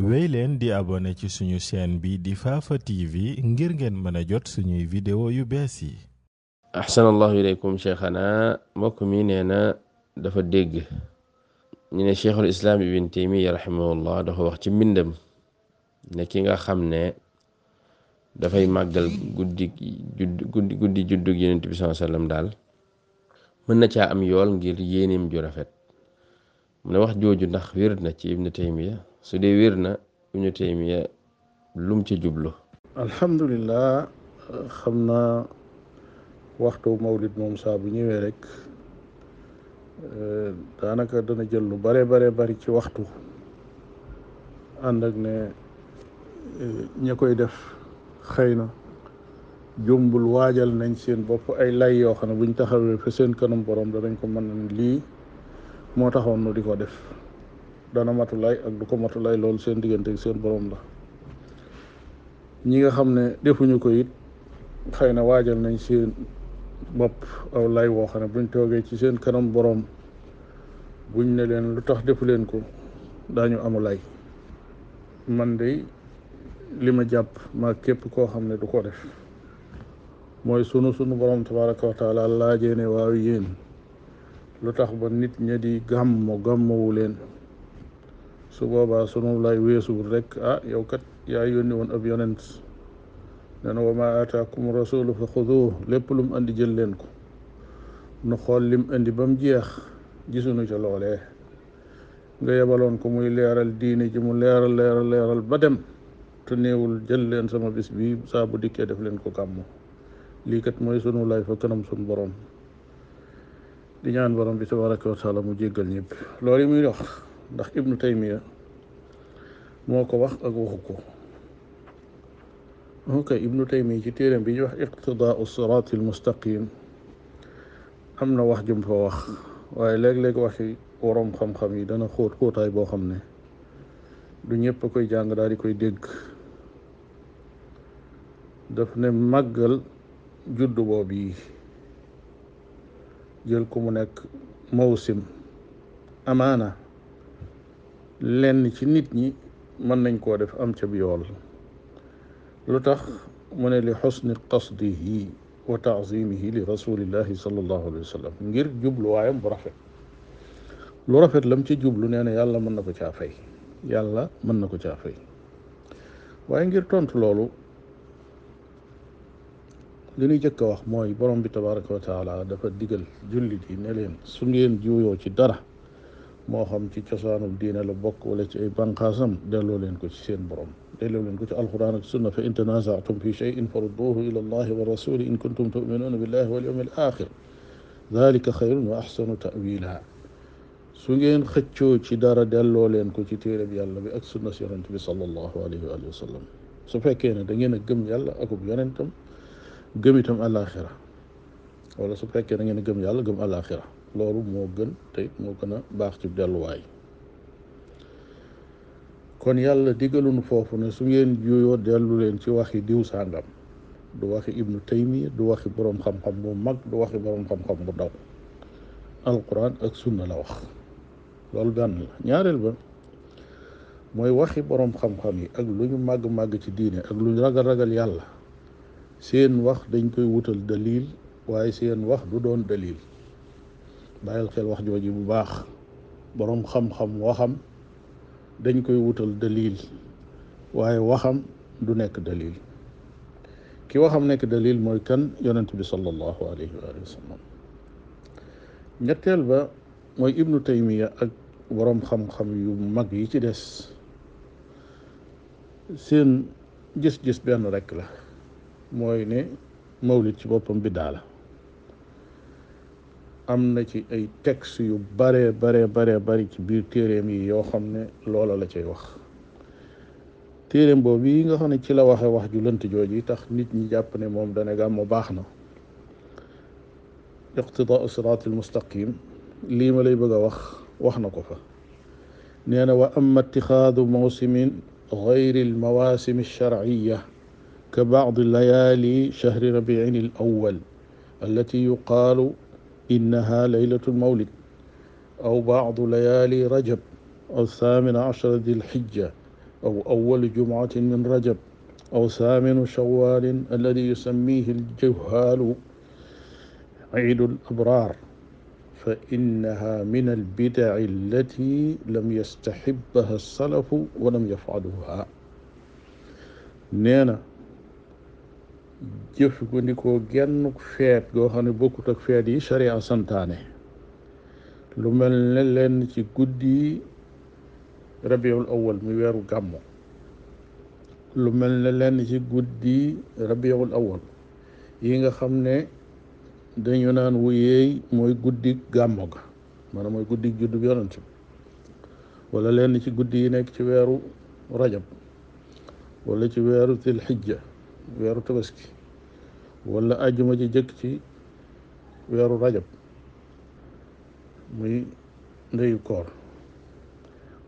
wéy leen di abonné ci suñu chaîne bi di Fafa TV ngir ngeen mën a jot suñuy video yu bees yi ahsanallahu ilaykum cheikhana mbokk mi nee na dafa dégg ñu ne cheikhul islaam ibn taymiya rahimahullah dafa wax ci mbindam ne ki nga xam ne dafay màggal guddi guddi guddi juddug yonent bi sallallahu alayhi wasallam daal mën na caa am yool ngir yéeneem ju rafet mu ne wax jooju ndax wér na ci ibn taymiya su dee wér na ibnu taymiya lum ci jublu alhamdulilah xam naa waxtu mawlid moom saa bu ñëwee rek euh, daanaka dana jël lu bare bare bari ci waxtu ànd ak ne euh, ña koy def xëy na jumbul waajal nañ seen bopp ay lay yoo xam ne buñ taxawee fa seen kanam borom dañ ko mën lii moo taxoon nu di ko def dana matulaay ak du ko matulaay loolu seen diggante ak seen borom la ñi nga xam ne defuñu ko it xëy na waajal nañ seen bopp aw lay woo xam ne buñ toogee ci seen kanam boroom buñ ne leen lu tax defu leen ko daañu amu lay man de li ma jàpp maa képp koo xam ne du ko def mooy sunu sunu borom tabaraka wa taala laajee ne waaw yéen lu tax ba nit ña di gàmmo leen su boobaa sunu lay weesuwul rekk ah yow kat yaa yónni woon ab yonent nee wa maa aataakum rasulu fa xuduuh lépp lu mu indi jël leen ko nu xool li mu indi ba mu jeex gisuñu ca loole nga yebaloon ko muy leeral diine ji mu leeral leeral leeral ba dem te néewul jël leen sama bis bi saabu bu dikkee def leen ko gàmmu lii kat mooy sunu lay fa kanam sunu boroom di ñaan borom bi tabaraka wa taala mu jéggal ñëpp loolu yi muy wax ndax ibnu taymiya moo ko wax ak waxu ko ok ibnu taymiya ci téere bi ñuy wax iqtidaau siraati almustaqim am na wax jum fa wax waaye léeg-léeg waxi waroom xam-xam yi dana xóot xóotaay boo xam ne du ñëpp koy jàng daal di koy dégg daf ne màggal juddu boobu yi jël ko mu nekk mawsim amaana lenn ci nit ñi mën nañ koo def am ca yool lu tax mu ne li xusni qasdihi wa taazimihi li rasulillahi sallallahu alayhi wa sallam ngir jubluwaayam bu rafet lu rafet lam ci jublu nee na yàlla mën na ko caa fay yàlla mën na ko caa fay waaye ngir tontu loolu li ñuy jëkk wax mooy borom bi tabaraka wa taala dafa digal jullit yi ne leen su ngeen juuyoo ci dara moo xam ci cosaanul diine la bokk wala ci ay banqaasam delloo leen ko ci seen borom delloo leen ko ci alquran ak sunna fa in tanazaatum fi cheyin farudduuhu ila allahi wa rasuli in kuntum tuminuuna billahi wal yawmi al axir dalika xayrun wa axsanu tawila su ngeen xëccoo ci dara delloo leen ko ci téereb yàlla bi ak sunna si yonent bi sallallahu alayhi wa alihi wa sallam su fekkee ne da ngeen a gëm yàlla akub yonentam gëm itam alaxira wala su fekkee da ngeen a gëm yàlla gëm alaxira loolu moo gën tey moo gën a baax ci delluwaay kon yàlla diggaluñu foofu ne su ngeen juyoo dellu leen ci wax waxi diw sàngam du waxi ibnu taymiya du waxi boroom xam-xam bu mag du waxi boroom xam-xam bu ndaw alquran ak sunna la wax loolu benn la ñaareel ba mooy waxi boroom xam-xam yi ak lu ñu màgg-màgg ci diine ak lu ñu ragal-ragal yàlla seen wax dañ koy wutal dalil waaye seen wax du doon dalil bàyyil xel wax jooji bu baax boroom xam-xam waxam dañ koy wutal dalil waaye waxam du nekk dalil ki waxam nekk dalil mooy kan yonent bi sallallahu alayhi wa sallam ñetteel ba mooy ibnu taymiya ak boroom xam-xam yu mag yi ci des seen gis-gis benn rekk la mooy ne mawlid ci boppam bi daala am na ci ay textes yu bare bare bare bari ci biir téeréem yi yoo xam ne loola la cay wax téeréem boobu yi nga xam ne ci la waxe wax ju lënt tax nit ñi jàpp ne moom dana gàmmu baax na iqtidaa siraat almustaqim lii ma lay bëgg a wax wax na ko fa nee na wa ama itixaadu mawsimin gayri almawasim alsharciya ka bacdi layaali shahri rabiin alawal allati yuqaalu innaha laylatu lmawlid aw baadu layaali rajab aw thamina achara dilhijja aw awalu jumuatin min rajab aw thaminu shawalin alladi yusammihi aljuhalu ciidu alabraar fa innaha min albidaci allati lam yastaxibbaha alsalafu wa lam yafcaluha nee na jëfandikoo genn feet goo xam ne bokkut ak feet yi sharia santaane lu mel ne lenn ci guddi rabiul awal mi weeru gàmmu lu mel ne lenn ci guddi rabiul awal yi nga xam ne dañu naan wuyeey mooy guddi gàmmu ga maanaam mooy guddi juddu bi yonent bi wala lenn ci guddi yi nekk ci weeru rajab wala ci weeru zilhijja weeru tabaski wala ajjuma ji jëkk ci weeru rajab muy ndeyu koor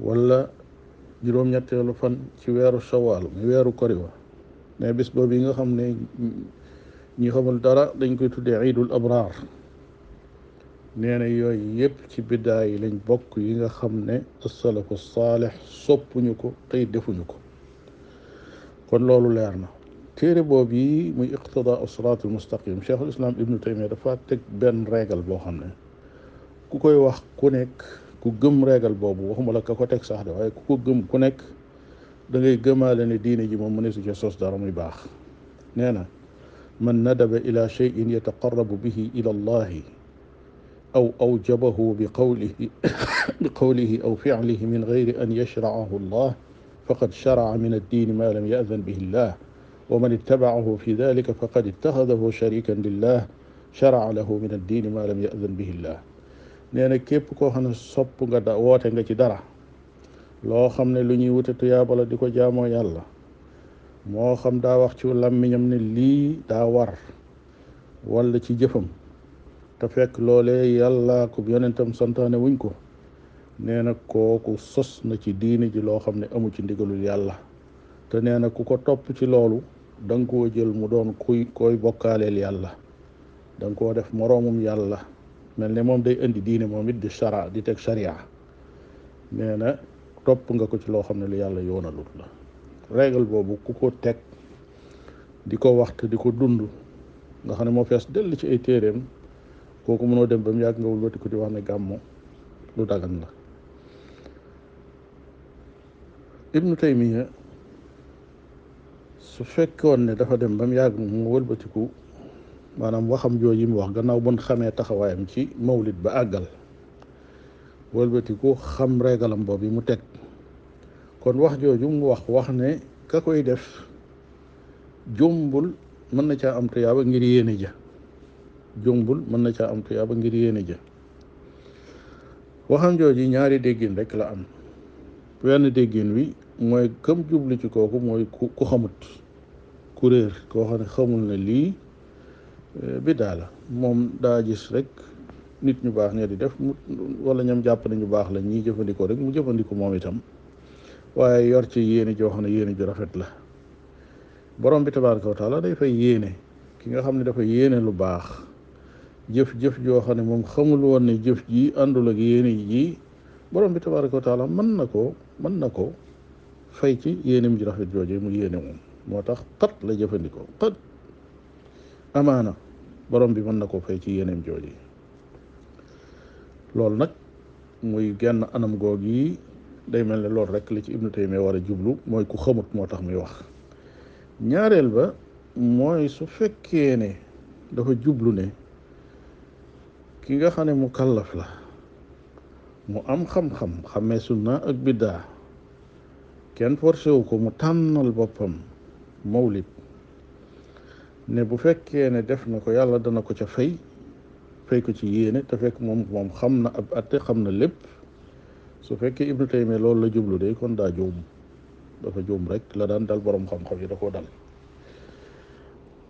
walla juróom-ñetteelu fan ci weeru sawaal muy weeru koriwa mais bis boobu yi nga xam ne ñi xamul dara dañ koy tuddee iidul abraar neena na yooyu yëpp ci biddaa yi lañ bokk yi nga xam ne asalafu saalix soppuñu ko tey defuñu ko kon loolu leer na téere boobu yi muy iqtidaa siraatul mustaqim cheikhul islam ibnu taymiya dafa teg benn régal boo xam ne ku koy wax ku nekk ku gëm régal boobu waxuma la ka ko teg sax de waaye ku ko gëm ku nekk da ngay gëmaale ne diine ji moom mu ne su ca sos dara muy baax nee na man nadaba ila cheyin yataqarabu bihi ila allahi aw awjabahu bi qawlihi bi qawlihi aw ficlihi min gayri an yashraahu allah faqad sharaa min addiini ma lam yadan bihi llah ومن اتبعه في ذلك فقد اتخذه شريكا لله charaa lahu min ad-diini maa lam ya'zan bihi llah nee na képp koo xam ne sopp nga da woote nga ci dara loo xam ne lu ñuy wute tuyaaba la di ko jaamoo yàlla moo xam daa wax ci làmmiñam ne lii daa war walla ci jëfam te fekk loole yàlla ko yonentam santaane wuñ ko nee na kooku sos na ci diini ji loo xam ne amu ci ndigalul yàlla te nee na ku ko topp ci loolu da koo jël mu doon kuy koy bokkaaleel yàlla danga koo def moroomum yàlla mel ne moom day indi diine moom it di chara di teg charia nee na topp nga ko ci loo xam ne lu yàlla yoonalut la règle boobu ku ko teg di ko waxtu di ko dund nga xam ne moo fees dell ci ay téeréem kooku mënoo dem ba mu yàgg nga wëlbati ko di wax ne gàmmu lu dagan la su fekkoon ne dafa dem ba mu yàgg mu walbatiku maanaam waxam jooju mu wax gannaaw bon xamee taxawaayam ci mawlid ba àggal walbatiku xam regalam bi mu teg kon wax jooju mu wax wax ne ka koy def jombul mën na caa am tuyaaba ngir yéene ja jombul mën na caa am tuyaaba ngir yéene ja waxam jooju ñaari déggin rek la am wenn déggin wi mooy këm jublu ci kooku mooy ku xamut kuréer koo xam ne xamul ne lii eh, biddaa la moom daa gis rek nit ñu baax ñee di def mu wala ñoom jàpp ne ñu baax la ñii jëfandikoo rek mu jëfandiku moom itam waaye yor ci yéene joo xam ne yéene ju rafet la borom bi tabaaraka wa taala day fay yéene ki nga xam ne dafa yéene lu baax jëf-jëf joo xam ne moom xamul woon ne jëf ji àndul ak yéene ji borom bi tabaaraka wa taala mën na ko mën na ko fey ci mu ji rafet jooje mu yéene moom moo tax xat la jëfandikoo xat amaana borom bi mën na ko fay ci yeneen jooji loolu nag muy genn anam goog yi day mel ne loolu rek la ci Ibnu Taymiya war a jublu mooy ku xamut moo tax muy wax ñaareel ba mooy su fekkee ne dafa jublu ne ki nga xam ne mu kàllaf la mu am xam-xam xamee sunna ak biddaa kenn forcé wu ko mu tànnal boppam mawlid ne bu fekkee ne def na ko yàlla dana ko ca fay fay ko ci yéene te fekk moom moom xam na ab atte xam na lépp su fekkee ibnu taymiya loolu la jublu de kon daa juum dafa juum rek la daan dal boroom xam-xam yi da koo dal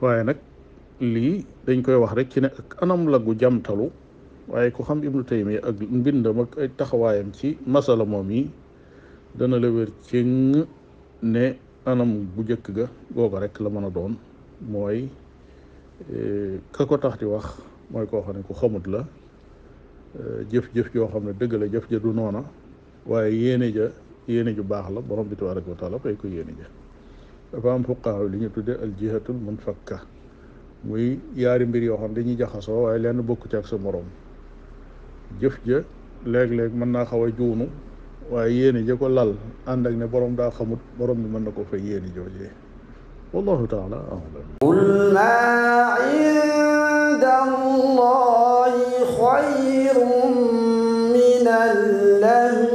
waaye nag lii dañ koy wax rek ci ne ak anam la gu jamtalu waaye ku xam ibnu taymiya ak mbindam ak taxawaayam ci masala moom yi dana la wér cëng ne anam bu njëkk ga googa rek la mën a doon mooy eh, ka ko tax di wax mooy koo xam ne ku xamut la eh, jëf-jëf joo xam ne dëgg la jëf ja du noona waaye yéene ja yéene ju baax la borom bi tabaraka wa taala fay ko yéene ja dafa am fuqaaw li ñu tudde al jihatul munfakka muy yaari mbir yoo xam dañuy jaxasoo waaye lenn bokku ci ak sa morom jëf ja léeg-léeg mën naa xaw juunu waaye yéene ja ko lal ànd ak ne borom daa xamut borom bi mën na ko fay yéene joojee wallahu taala a'lam qul ma inda allahi xayrun min allahi